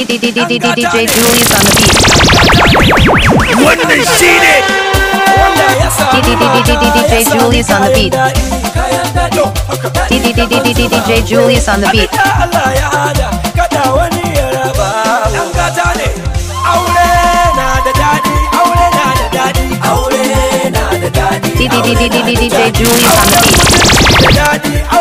DJ Julius on the beat. When they see it. DJ Julius on the beat. DJ Julius on the beat. DJ Julius on the beat.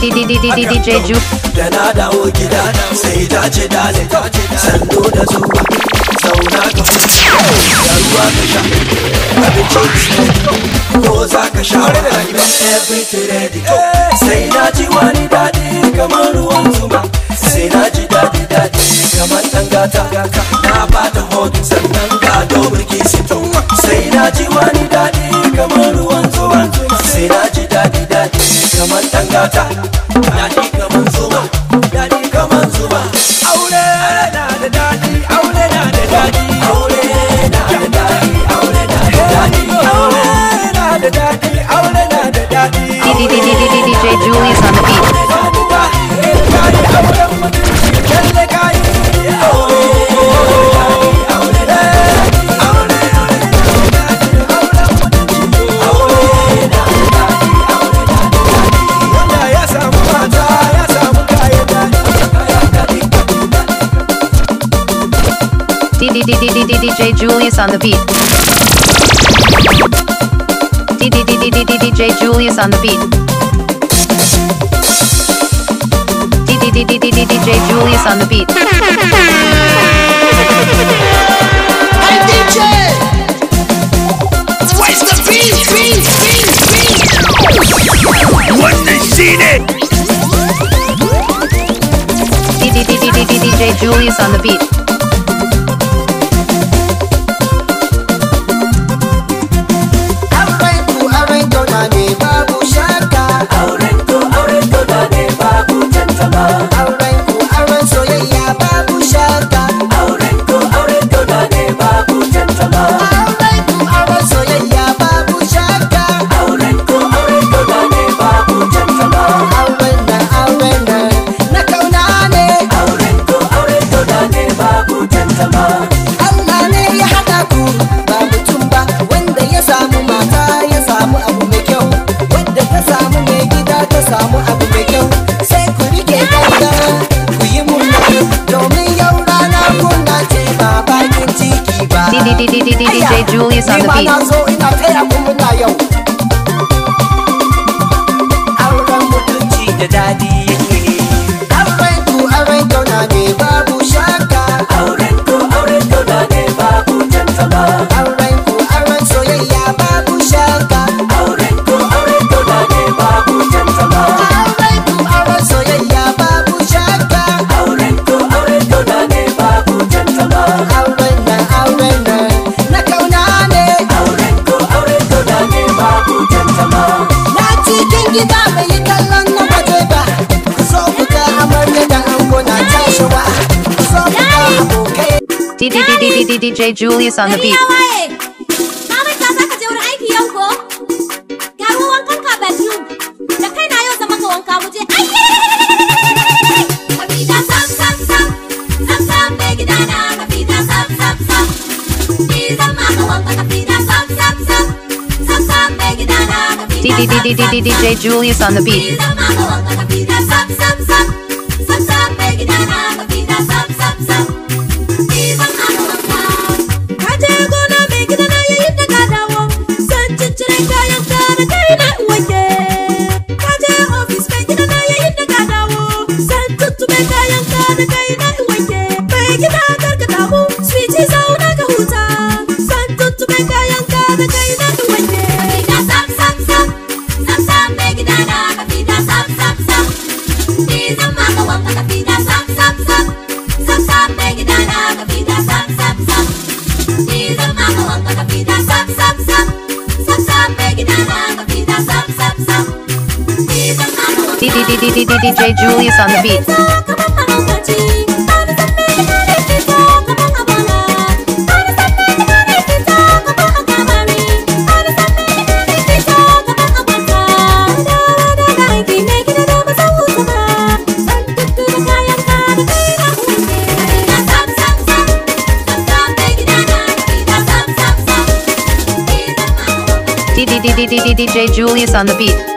DJ Ju. Da na dawo gida sai ta ce dale, sando da zuwa zauna ka da ruwa ka sha, abinci ko za ka sha Sai na ji wani daɗi kamar ruwan zuma, sai na ji daɗi daɗi kamar tangata, na bata hodin sannan ga dobirki sito, sai na ji wani daɗi kamar ruwan kamar tangata daɗi kamar zuma daɗi kamar aure na da daɗi aure na da daɗi aure na on the beat DJ Julius on the beat. DJ Julius on the beat. DJ Julius on the beat. Hey DJ! Where's the beat? Beat, beat, beat! What the shit? DJ Julius on the beat. DJ Julius on the beat. DJ Julius on the beat. DJ Julius on the beat. Thank you. DJ Julius on the beat. DJ Julius on the beat.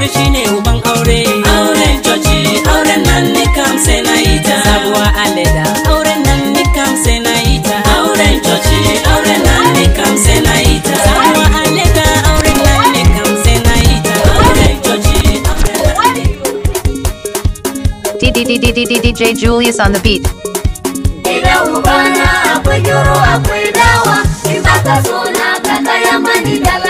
aure shine uban aure auren coci auren nan ni kam sena ita sabuwa aleda auren nan ni kam sena ita auren coci auren nan ni kam sena ita sabuwa aleda auren nan ni kam sena ita auren coci auren nan ni kam sena ita DJ Julius on the beat Ida ubana, akwe yoro, akwe dawa Ibata zona, kata yamani dala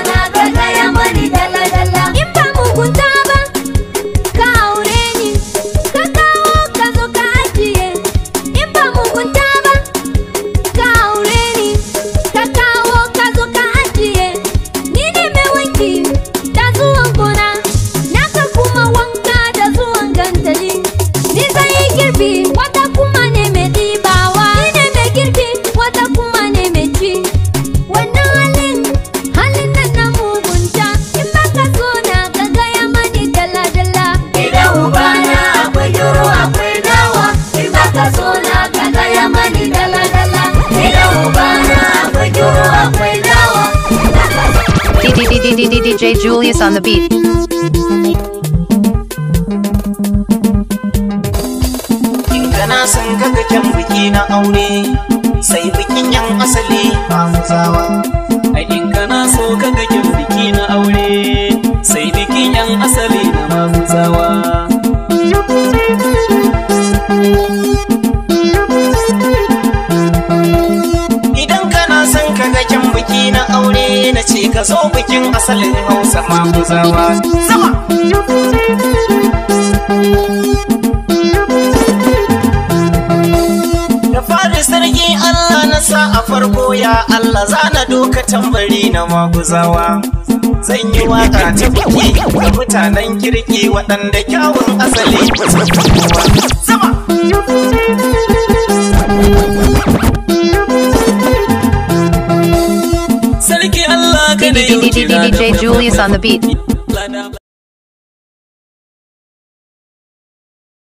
DJ Julius on the beat. Kana son ga kyan biki na aure sai bikin yan asali ba musawa. Ai in kana so ga kyan biki na aure sai bikin yan asali na ba musawa. Idan kana son ka ga kyan biki na aure na ci ka zo bikin asalin hausa zama fari sarki allah na sa a farko ya allah zana doka tambari na maguzawa zan yi waka ta kuɗi mutanen kirki waɗanda kyawun asali ba su DJ Julius on the beat.